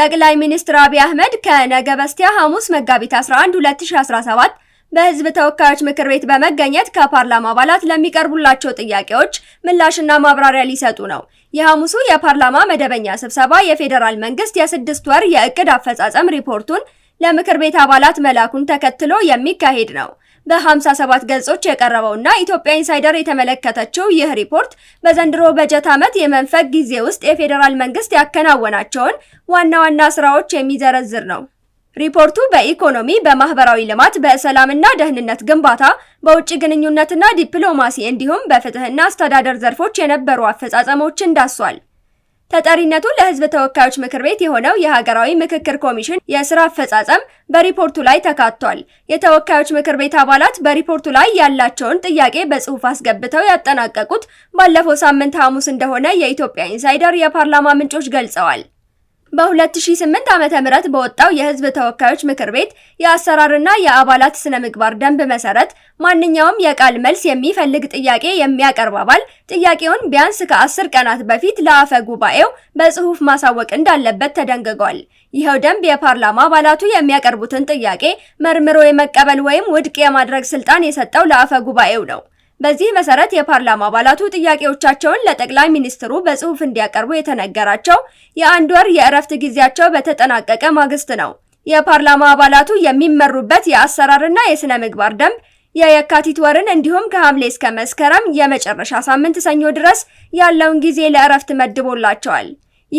ጠቅላይ ሚኒስትር አብይ አህመድ ከነገ በስቲያ ሐሙስ መጋቢት 11 2017 በህዝብ ተወካዮች ምክር ቤት በመገኘት ከፓርላማ አባላት ለሚቀርቡላቸው ጥያቄዎች ምላሽና ማብራሪያ ሊሰጡ ነው። የሐሙሱ የፓርላማ መደበኛ ስብሰባ የፌዴራል መንግስት የስድስት ወር የእቅድ አፈጻጸም ሪፖርቱን ለምክር ቤት አባላት መላኩን ተከትሎ የሚካሄድ ነው። በ57 ገጾች የቀረበውና ኢትዮጵያ ኢንሳይደር የተመለከተችው ይህ ሪፖርት በዘንድሮ በጀት ዓመት የመንፈቅ ጊዜ ውስጥ የፌዴራል መንግስት ያከናወናቸውን ዋና ዋና ስራዎች የሚዘረዝር ነው። ሪፖርቱ በኢኮኖሚ፣ በማህበራዊ ልማት፣ በሰላምና ደህንነት ግንባታ፣ በውጭ ግንኙነትና ዲፕሎማሲ እንዲሁም በፍትህና አስተዳደር ዘርፎች የነበሩ አፈጻጸሞችን ዳሷል። ተጠሪነቱ ለህዝብ ተወካዮች ምክር ቤት የሆነው የሀገራዊ ምክክር ኮሚሽን የስራ አፈጻጸም በሪፖርቱ ላይ ተካቷል። የተወካዮች ምክር ቤት አባላት በሪፖርቱ ላይ ያላቸውን ጥያቄ በጽሑፍ አስገብተው ያጠናቀቁት ባለፈው ሳምንት ሐሙስ እንደሆነ የኢትዮጵያ ኢንሳይደር የፓርላማ ምንጮች ገልጸዋል። በ2008 ዓ.ም በወጣው የሕዝብ ተወካዮች ምክር ቤት የአሰራርና የአባላት ስነ ምግባር ደንብ መሰረት ማንኛውም የቃል መልስ የሚፈልግ ጥያቄ የሚያቀርብ አባል ጥያቄውን ቢያንስ ከ10 ቀናት በፊት ለአፈ ጉባኤው በጽሑፍ ማሳወቅ እንዳለበት ተደንግጓል። ይኸው ደንብ የፓርላማ አባላቱ የሚያቀርቡትን ጥያቄ መርምሮ የመቀበል ወይም ውድቅ የማድረግ ስልጣን የሰጠው ለአፈ ጉባኤው ነው። በዚህ መሰረት የፓርላማ አባላቱ ጥያቄዎቻቸውን ለጠቅላይ ሚኒስትሩ በጽሁፍ እንዲያቀርቡ የተነገራቸው የአንድ ወር የእረፍት ጊዜያቸው በተጠናቀቀ ማግስት ነው። የፓርላማ አባላቱ የሚመሩበት የአሰራርና የስነ ምግባር ደንብ የየካቲት ወርን እንዲሁም ከሐምሌ እስከ መስከረም የመጨረሻ ሳምንት ሰኞ ድረስ ያለውን ጊዜ ለእረፍት መድቦላቸዋል።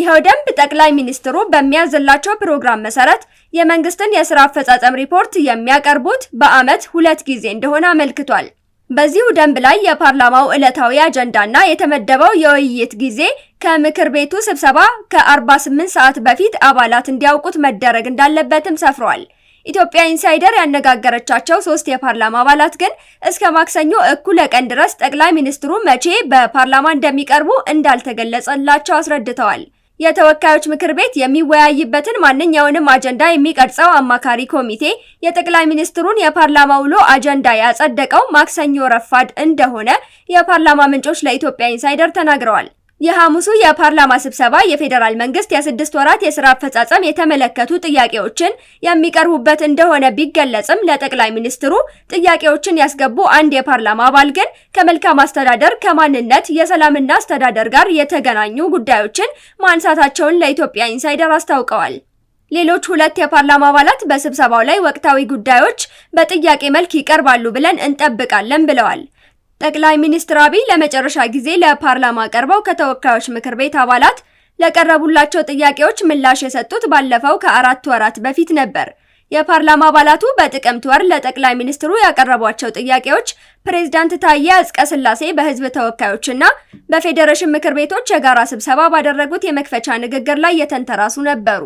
ይኸው ደንብ ጠቅላይ ሚኒስትሩ በሚያዝላቸው ፕሮግራም መሰረት የመንግስትን የስራ አፈጻጸም ሪፖርት የሚያቀርቡት በዓመት ሁለት ጊዜ እንደሆነ አመልክቷል። በዚሁ ደንብ ላይ የፓርላማው ዕለታዊ አጀንዳና የተመደበው የውይይት ጊዜ ከምክር ቤቱ ስብሰባ ከ48 ሰዓት በፊት አባላት እንዲያውቁት መደረግ እንዳለበትም ሰፍሯል። ኢትዮጵያ ኢንሳይደር ያነጋገረቻቸው ሶስት የፓርላማ አባላት ግን እስከ ማክሰኞ እኩለ ቀን ድረስ ጠቅላይ ሚኒስትሩ መቼ በፓርላማ እንደሚቀርቡ እንዳልተገለጸላቸው አስረድተዋል። የተወካዮች ምክር ቤት የሚወያይበትን ማንኛውንም አጀንዳ የሚቀርጸው አማካሪ ኮሚቴ የጠቅላይ ሚኒስትሩን የፓርላማ ውሎ አጀንዳ ያጸደቀው ማክሰኞ ረፋድ እንደሆነ የፓርላማ ምንጮች ለኢትዮጵያ ኢንሳይደር ተናግረዋል። የሐሙሱ የፓርላማ ስብሰባ የፌዴራል መንግስት የስድስት ወራት የስራ አፈጻጸም የተመለከቱ ጥያቄዎችን የሚቀርቡበት እንደሆነ ቢገለጽም ለጠቅላይ ሚኒስትሩ ጥያቄዎችን ያስገቡ አንድ የፓርላማ አባል ግን ከመልካም አስተዳደር፣ ከማንነት፣ የሰላምና አስተዳደር ጋር የተገናኙ ጉዳዮችን ማንሳታቸውን ለኢትዮጵያ ኢንሳይደር አስታውቀዋል። ሌሎች ሁለት የፓርላማ አባላት በስብሰባው ላይ ወቅታዊ ጉዳዮች በጥያቄ መልክ ይቀርባሉ ብለን እንጠብቃለን ብለዋል። ጠቅላይ ሚኒስትር አብይ ለመጨረሻ ጊዜ ለፓርላማ ቀርበው ከተወካዮች ምክር ቤት አባላት ለቀረቡላቸው ጥያቄዎች ምላሽ የሰጡት ባለፈው ከአራት ወራት በፊት ነበር። የፓርላማ አባላቱ በጥቅምት ወር ለጠቅላይ ሚኒስትሩ ያቀረቧቸው ጥያቄዎች ፕሬዝዳንት ታዬ አጽቀሥላሴ በሕዝብ ተወካዮችና በፌዴሬሽን ምክር ቤቶች የጋራ ስብሰባ ባደረጉት የመክፈቻ ንግግር ላይ የተንተራሱ ነበሩ።